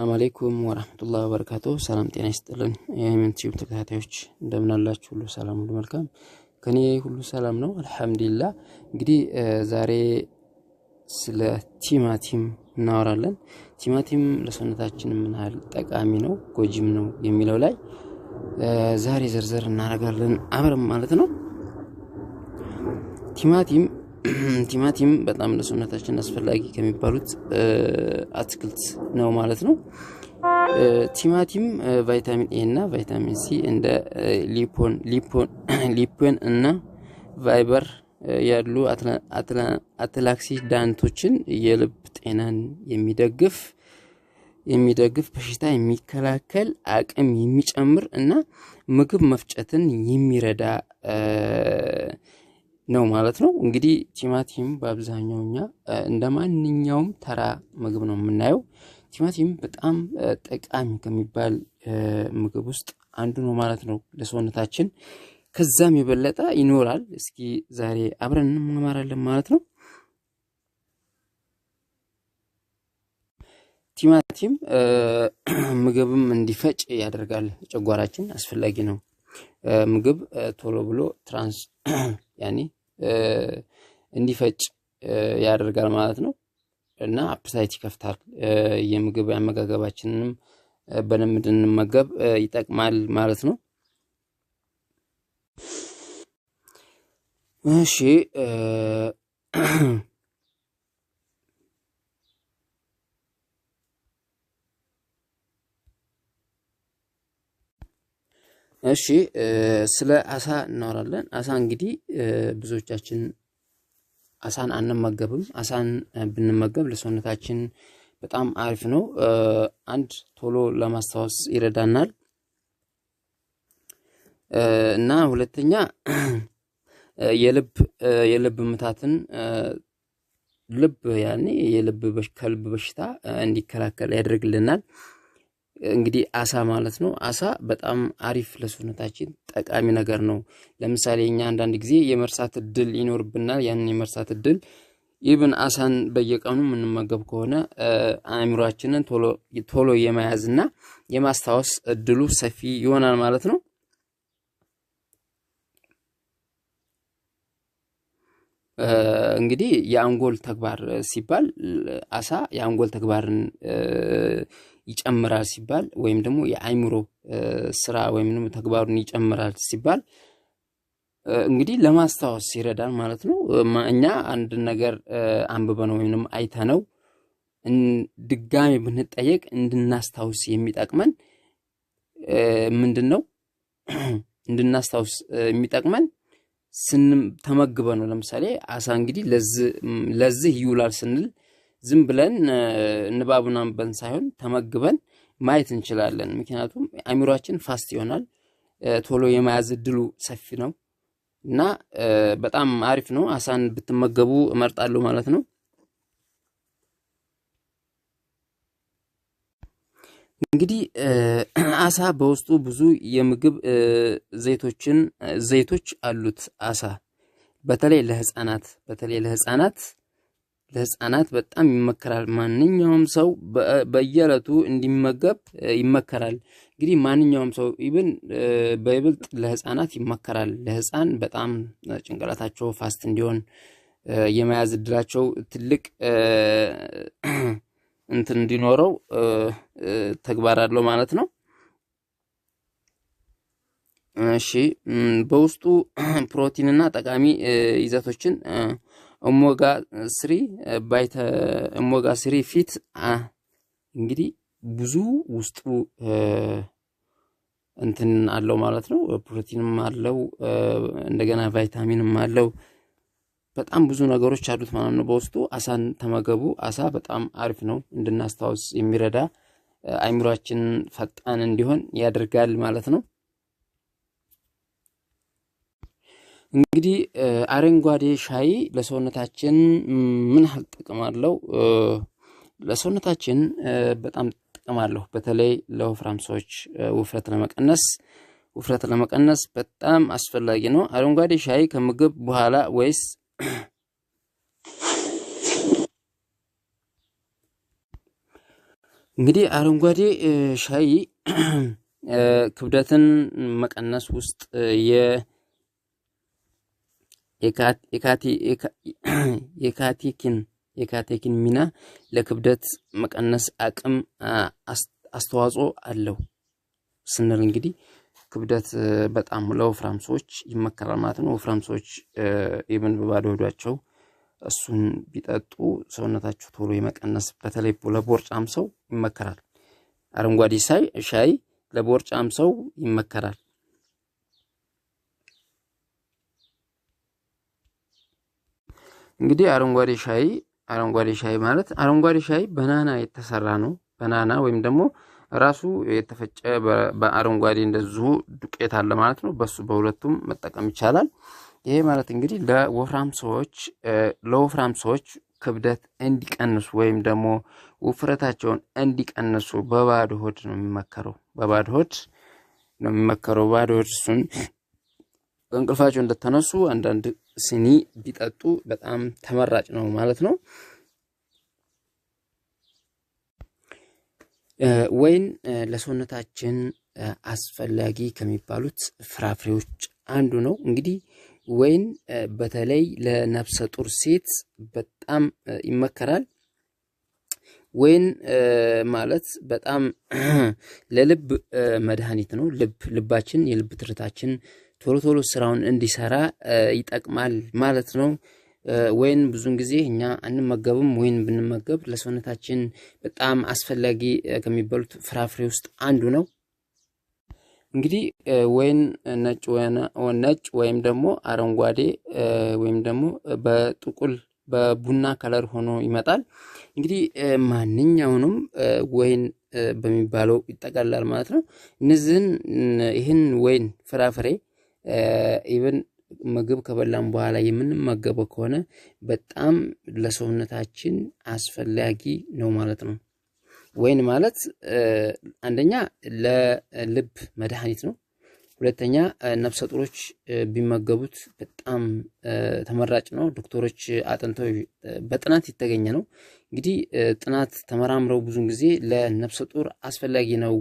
ሰላም አሌይኩም ወራህመቱላህ ወበረካቱ። ሰላም ጤና ይስጥልን። የምን ቲዩብ ተከታታዮች እንደምን አላችሁ? ሁሉ ሰላም፣ ሁሉ መልካም። ከኔ ሁሉ ሰላም ነው አልሐምዱሊላህ። እንግዲህ ዛሬ ስለ ቲማቲም እናወራለን። ቲማቲም ለሰውነታችን ምን ያህል ጠቃሚ ነው ጎጂም ነው የሚለው ላይ ዛሬ ዝርዝር እናደርጋለን አብረን ማለት ነው። ቲማቲም ቲማቲም በጣም ለሰውነታችን አስፈላጊ ከሚባሉት አትክልት ነው ማለት ነው። ቲማቲም ቫይታሚን ኤ እና ቫይታሚን ሲ እንደ ሊፖን ሊፖን እና ቫይበር ያሉ ዳንቶችን የልብ ጤናን የሚደግፍ የሚደግፍ በሽታ የሚከላከል አቅም የሚጨምር እና ምግብ መፍጨትን የሚረዳ ነው ማለት ነው። እንግዲህ ቲማቲም በአብዛኛው እኛ እንደ ማንኛውም ተራ ምግብ ነው የምናየው። ቲማቲም በጣም ጠቃሚ ከሚባል ምግብ ውስጥ አንዱ ነው ማለት ነው ለሰውነታችን። ከዛም የበለጠ ይኖራል። እስኪ ዛሬ አብረን እንማማራለን ማለት ነው። ቲማቲም ምግብም እንዲፈጭ ያደርጋል። ጨጓራችን አስፈላጊ ነው። ምግብ ቶሎ ብሎ ትራንስ ያኔ እንዲፈጭ ያደርጋል ማለት ነው እና አፕታይት ይከፍታል። የምግብ አመጋገባችንንም በልምድ እንመገብ ይጠቅማል ማለት ነው። እሺ እሺ ስለ አሳ እናወራለን። አሳ እንግዲህ ብዙዎቻችን አሳን አንመገብም። አሳን ብንመገብ ለሰውነታችን በጣም አሪፍ ነው። አንድ ቶሎ ለማስታወስ ይረዳናል እና ሁለተኛ የልብ የልብ ምታትን ልብ ያኔ የልብ ከልብ በሽታ እንዲከላከል ያደርግልናል። እንግዲህ አሳ ማለት ነው። አሳ በጣም አሪፍ ለሰውነታችን ጠቃሚ ነገር ነው። ለምሳሌ እኛ አንዳንድ ጊዜ የመርሳት እድል ይኖርብናል። ያንን የመርሳት እድል ኢብን አሳን በየቀኑ የምንመገብ ከሆነ አእምሯችንን ቶሎ የመያዝ እና የማስታወስ እድሉ ሰፊ ይሆናል ማለት ነው። እንግዲህ የአንጎል ተግባር ሲባል አሳ የአንጎል ተግባርን ይጨምራል ሲባል ወይም ደግሞ የአይምሮ ስራ ወይም ደግሞ ተግባሩን ይጨምራል ሲባል እንግዲህ ለማስታወስ ይረዳል ማለት ነው። እኛ አንድ ነገር አንብበነው ወይም አይተነው ድጋሚ ብንጠየቅ እንድናስታውስ የሚጠቅመን ምንድን ነው? እንድናስታውስ የሚጠቅመን ስንም ተመግበ ነው። ለምሳሌ አሳ እንግዲህ ለዚህ ይውላል ስንል ዝም ብለን ንባቡን አንበን ሳይሆን ተመግበን ማየት እንችላለን። ምክንያቱም አእምሯችን ፋስት ይሆናል፣ ቶሎ የመያዝ እድሉ ሰፊ ነው እና በጣም አሪፍ ነው። አሳን ብትመገቡ እመርጣለሁ ማለት ነው። እንግዲህ አሳ በውስጡ ብዙ የምግብ ዘይቶችን ዘይቶች አሉት። አሳ በተለይ ለህፃናት በተለይ ለህፃናት ለህፃናት በጣም ይመከራል። ማንኛውም ሰው በየዕለቱ እንዲመገብ ይመከራል። እንግዲህ ማንኛውም ሰው ኢብን በይበልጥ ለህፃናት ይመከራል። ለህፃን በጣም ጭንቅላታቸው ፋስት እንዲሆን የመያዝ እድላቸው ትልቅ እንትን እንዲኖረው ተግባር አለው ማለት ነው። እሺ በውስጡ ፕሮቲንና ጠቃሚ ይዘቶችን እሞጋ ስሪ ባይተ እሞጋ ስሪ ፊት እንግዲህ ብዙ ውስጡ እንትን አለው ማለት ነው። ፕሮቲንም አለው እንደገና ቫይታሚንም አለው። በጣም ብዙ ነገሮች አሉት ማለት ነው በውስጡ። አሳን ተመገቡ። አሳ በጣም አሪፍ ነው፣ እንድናስታውስ የሚረዳ አይምሯችን ፈጣን እንዲሆን ያደርጋል ማለት ነው። እንግዲህ አረንጓዴ ሻይ ለሰውነታችን ምን ያህል ጥቅም አለው? ለሰውነታችን በጣም ጥቅም አለው። በተለይ ለወፍራም ሰዎች ውፍረት ለመቀነስ ውፍረት ለመቀነስ በጣም አስፈላጊ ነው። አረንጓዴ ሻይ ከምግብ በኋላ ወይስ እንግዲህ አረንጓዴ ሻይ ክብደትን መቀነስ ውስጥ የካቴኪን የካቴኪን ሚና ለክብደት መቀነስ አቅም አስተዋጽኦ አለው ስንል እንግዲህ ክብደት በጣም ለወፍራም ሰዎች ይመከራል ማለት ነው። ወፍራም ሰዎች ኢቨን በባዶ ሆዷቸው እሱን ቢጠጡ ሰውነታቸው ቶሎ የመቀነስ በተለይ ለቦርጫም ሰው ይመከራል። አረንጓዴ ሻይ ለቦርጫም ሰው ይመከራል። እንግዲህ አረንጓዴ ሻይ አረንጓዴ ሻይ ማለት አረንጓዴ ሻይ በናና የተሰራ ነው። በናና ወይም ደግሞ ራሱ የተፈጨ በአረንጓዴ እንደዚሁ ዱቄት አለ ማለት ነው። በሱ በሁለቱም መጠቀም ይቻላል። ይሄ ማለት እንግዲህ ለወፍራም ሰዎች ለወፍራም ሰዎች ክብደት እንዲቀንሱ ወይም ደግሞ ውፍረታቸውን እንዲቀንሱ በባዶ ሆድ ነው የሚመከረው። በባዶ ሆድ ነው የሚመከረው። ባዶ ሆድ እሱን በእንቅልፋቸው እንደተነሱ አንዳንድ ስኒ ቢጠጡ በጣም ተመራጭ ነው ማለት ነው። ወይን ለሰውነታችን አስፈላጊ ከሚባሉት ፍራፍሬዎች አንዱ ነው። እንግዲህ ወይን በተለይ ለነፍሰ ጡር ሴት በጣም ይመከራል። ወይን ማለት በጣም ለልብ መድኃኒት ነው። ልብ ልባችን የልብ ትርታችን ቶሎ ቶሎ ስራውን እንዲሰራ ይጠቅማል ማለት ነው። ወይን ብዙን ጊዜ እኛ አንመገብም። ወይን ብንመገብ ለሰውነታችን በጣም አስፈላጊ ከሚባሉት ፍራፍሬ ውስጥ አንዱ ነው። እንግዲህ ወይን ነጭ ወይም ደግሞ አረንጓዴ ወይም ደግሞ በጥቁል በቡና ከለር ሆኖ ይመጣል። እንግዲህ ማንኛውንም ወይን በሚባለው ይጠቃላል ማለት ነው። እነዚህን ይህን ወይን ፍራፍሬ ኢቨን ምግብ ከበላን በኋላ የምንመገበው ከሆነ በጣም ለሰውነታችን አስፈላጊ ነው ማለት ነው። ወይን ማለት አንደኛ ለልብ መድኃኒት ነው። ሁለተኛ ነፍሰ ጡሮች ቢመገቡት በጣም ተመራጭ ነው። ዶክተሮች አጥንተው በጥናት የተገኘ ነው። እንግዲህ ጥናት ተመራምረው ብዙን ጊዜ ለነፍሰ ጡር አስፈላጊ ነው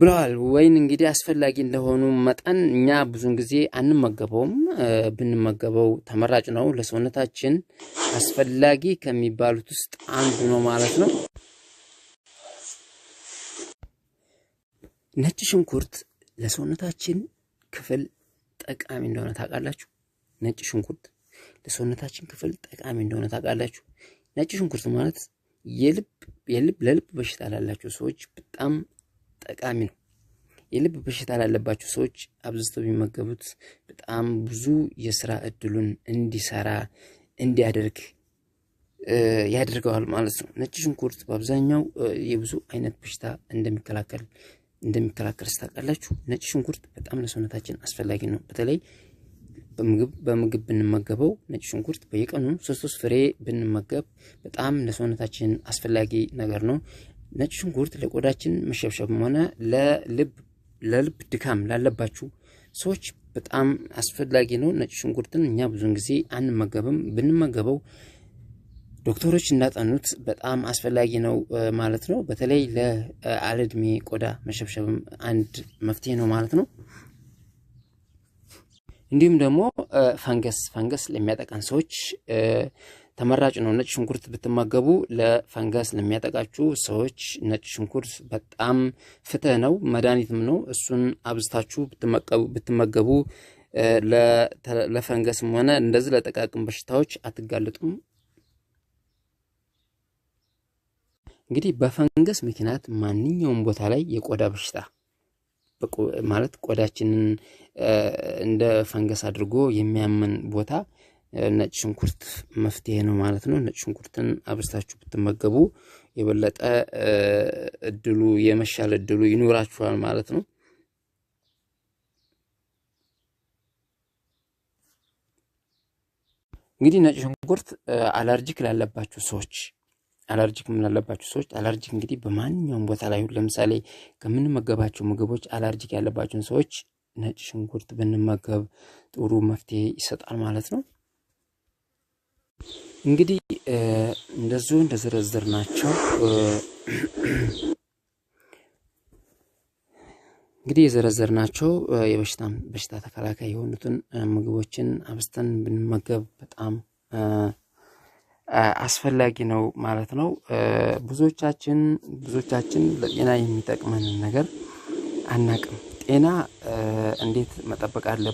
ብለዋል። ወይን እንግዲህ አስፈላጊ እንደሆኑ መጠን እኛ ብዙን ጊዜ አንመገበውም። ብንመገበው ተመራጭ ነው። ለሰውነታችን አስፈላጊ ከሚባሉት ውስጥ አንዱ ነው ማለት ነው። ነጭ ሽንኩርት ለሰውነታችን ክፍል ጠቃሚ እንደሆነ ታውቃላችሁ? ነጭ ሽንኩርት ለሰውነታችን ክፍል ጠቃሚ እንደሆነ ታውቃላችሁ? ነጭ ሽንኩርት ማለት የልብ ለልብ በሽታ ላላቸው ሰዎች በጣም ጠቃሚ ነው። የልብ በሽታ ላለባቸው ሰዎች አብዝተው የሚመገቡት በጣም ብዙ የስራ እድሉን እንዲሰራ እንዲያደርግ ያደርገዋል ማለት ነው። ነጭ ሽንኩርት በአብዛኛው የብዙ አይነት በሽታ እንደሚከላከል እንደሚከላከል ስታውቃላችሁ። ነጭ ሽንኩርት በጣም ለሰውነታችን አስፈላጊ ነው። በተለይ በምግብ በምግብ ብንመገበው ነጭ ሽንኩርት በየቀኑ ሶስት ሶስት ፍሬ ብንመገብ በጣም ለሰውነታችን አስፈላጊ ነገር ነው። ነጭ ሽንኩርት ለቆዳችን መሸብሸብም ሆነ ለልብ ለልብ ድካም ላለባችሁ ሰዎች በጣም አስፈላጊ ነው። ነጭ ሽንኩርትን እኛ ብዙን ጊዜ አንመገብም። ብንመገበው ዶክተሮች እንዳጠኑት በጣም አስፈላጊ ነው ማለት ነው። በተለይ ለአልድሜ ቆዳ መሸብሸብም አንድ መፍትሄ ነው ማለት ነው። እንዲሁም ደግሞ ፈንገስ ፈንገስ ለሚያጠቃን ሰዎች ተመራጭ ነው። ነጭ ሽንኩርት ብትመገቡ ለፈንገስ ለሚያጠቃችሁ ሰዎች ነጭ ሽንኩርት በጣም ፍትህ ነው፣ መድኃኒትም ነው። እሱን አብዝታችሁ ብትመገቡ ለፈንገስም ሆነ እንደዚህ ለጠቃቅም በሽታዎች አትጋለጡም። እንግዲህ በፈንገስ ምክንያት ማንኛውም ቦታ ላይ የቆዳ በሽታ ማለት ቆዳችንን እንደ ፈንገስ አድርጎ የሚያምን ቦታ ነጭ ሽንኩርት መፍትሄ ነው ማለት ነው። ነጭ ሽንኩርትን አብስታችሁ ብትመገቡ የበለጠ እድሉ የመሻል እድሉ ይኖራችኋል ማለት ነው። እንግዲህ ነጭ ሽንኩርት አለርጂክ ላለባችሁ ሰዎች አለርጂክ ምን ላለባችሁ ሰዎች አለርጂክ እንግዲህ በማንኛውም ቦታ ላይ ለምሳሌ ከምንመገባቸው ምግቦች አለርጂክ ያለባቸውን ሰዎች ነጭ ሽንኩርት ብንመገብ ጥሩ መፍትሄ ይሰጣል ማለት ነው። እንግዲህ እንደዚሁ ናቸው እንግዲህ ናቸው የበሽታ በሽታ ተከላካይ የሆኑትን ምግቦችን አብስተን ብንመገብ በጣም አስፈላጊ ነው ማለት ነው። ብዙዎቻችን ብዙዎቻችን ለጤና የሚጠቅመንን ነገር አናቅም። ጤና እንዴት መጠበቅ አለ